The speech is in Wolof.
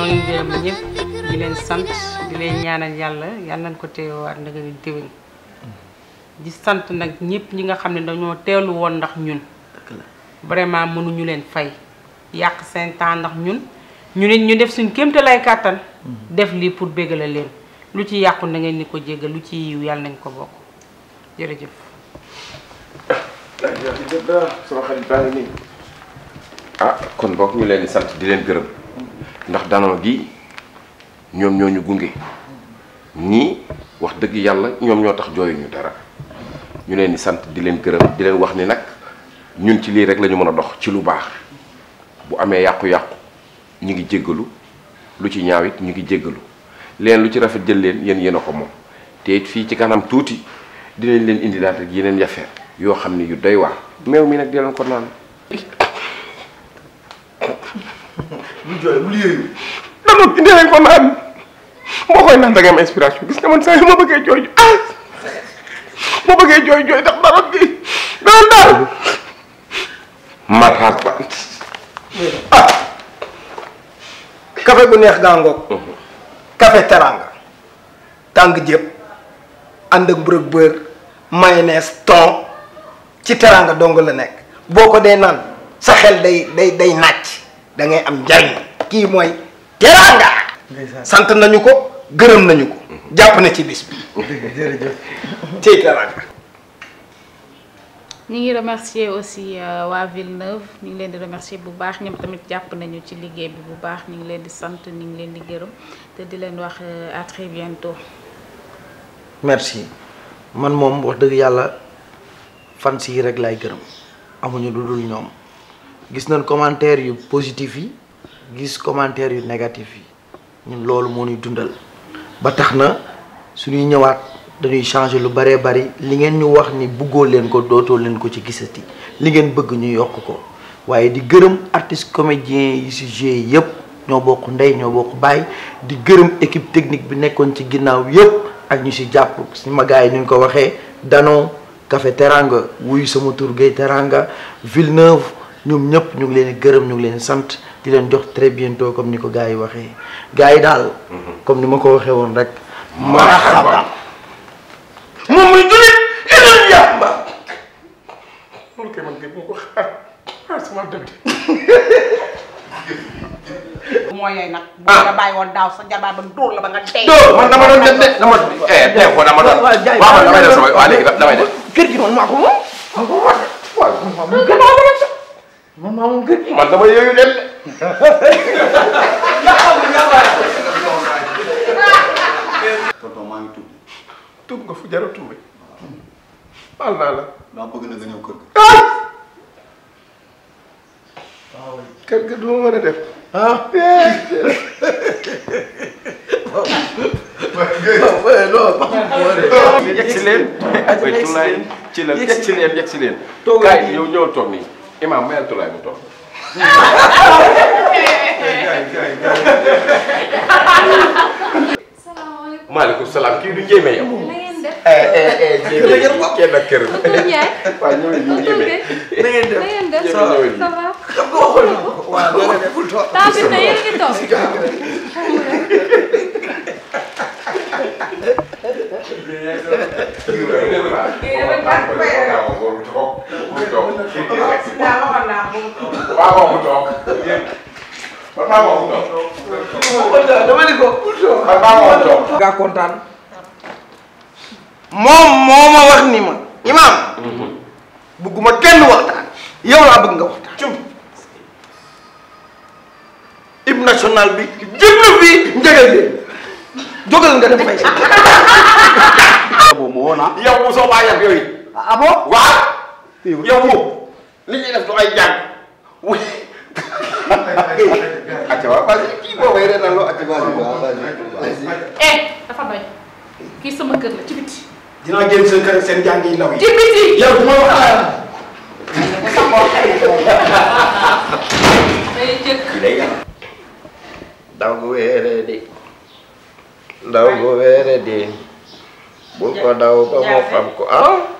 ñoo ngi gërëm ñëpp di leen sant di leen ñaanal yàlla yàlla nañ ko teewaat nag déwén di sant nag ñëpp ñi nga xam ne dañoo teelu woon ndax ñun vraiment mënuñu leen fay yàq seen temps ndax ñun ñu ne ñu def suñ kéemte lay kàttan mhm. def lii pour béggale leen lu ci yàqu na ngeen ni ko jéggal lu ci yiw nañ ko bokk jërëjëf sama ah kon bokk ñu leen di sant di leen ndax danon gi ñoom ñoo ñu gunge ñii wax dëgg yàlla ñoom ñoo tax jooyuñu dara ñu leen di sant di leen gërëm di leen wax ni nag ñun ci lii rek lañu mën a dox ci lu baax bu amee yàqu-yàqu ñu ngi jéggalu lu ci ñaaw it ñu ngi jéggalu leen lu ci rafet jël leen yéen yéen ko moom te it fii ci kanam tuuti dinañ leen indilaat rek yeneen yafeer yoo xam ne yu doy waar meew mi nag di leen ko naan buy jooy bul yéeyu dama indee leen ko naan moo koy naan da ah ma bëggee jooy jooy ndax dara gi ah café bu neex gàngoog mhm. teranga tàng jëpp ànd ak bërëg bër mayonnaise thon ci teranga dong la nekk boo ko dee sa xel day day day nàcc da ngay am njariñ kii mooy teraanga sant nañu ko gërëm nañu ko mhm. jàpp na ci bis bi ñu ngi remercier aussi euh, waa Villeneuve ñu ngi leen di remercier bu baax ñoom tamit jàpp nañu ci liggéey bi bu baax ñu ngi leen di sant ñu ngi leen di gërëm te di leen wax euh, à merci man moom wax dëgg yàlla fans yi rek laay gërëm amuñu lu dul ñoom gis nañ commentaire yu positif yi gis commentaire yu négatif yi ñun loolu moo nuy dundal ba tax na su suñuy ñëwaat dañuy changer lu bëree bëri li ngeen ñu wax ni bëggoo leen ko dootoo leen ko ci gisati li ngeen bëgg ñu yokk ko waaye di gërëm artiste comédien yi si joué yëpp ñoo bokk ndey ñoo bokk baay di gërëm équipe technique bi nekkoon ci ginnaaw yëpp ak ñu si jàpp si ma gars yi ñu ko waxee Dano Café Teranga wuyu sama tur Gueye Teranga Villeneuve ñoom ñëpp ñu ngi leen gërëm ñu ngi leen sant di leen jox très bientôt comme ni ko gaa yi waxee gaa yi daal. Mm-hmm. comme ni ma ko waxee woon rek. marhaba moom muy jullit ilal ko nag. boo ah. nga la eh, moom. man maa moom kër gi. man dama yooyu dem de. tonton maa ngi tuub. tuub nga fu jar a tuube. baal naa la. daa bëgg na nga ñëw kër ga. waaw ah ga du ma mën def. ah. yegg si si leen yegg si yow ñëw toog imam mayal tulaay mu toog maaleykum salaam kii du jéeme yow kenn ak kër waaw ñëw ñu jéeme na ngeen def na ngeen def xam nga waxoon na ko waaw doo def bul toog temps bi na yéen ngi toog Thank you. mu toog. mau, waxoon naa mau. mu toog. maa ko mu toog. man maa ko mu toog. dama ni ko Mau toog. man maa ko mu toog. nga kontaan. moom moo ma wax ni ma bi jublu bi njëgal bi jógal nga dem fay. boobu moo na. yow bu soo baa yàgg yooyu. yow moom li ñuy def du ay jàng wu. acca waaw parce que kii boo may reetal loo acca eh, sama kër la ci biti. dinaa génn seen kër seen jàng yi law yi. ci biti yow bu ma wax day jëkk. ko daw ba moo xam ko ah.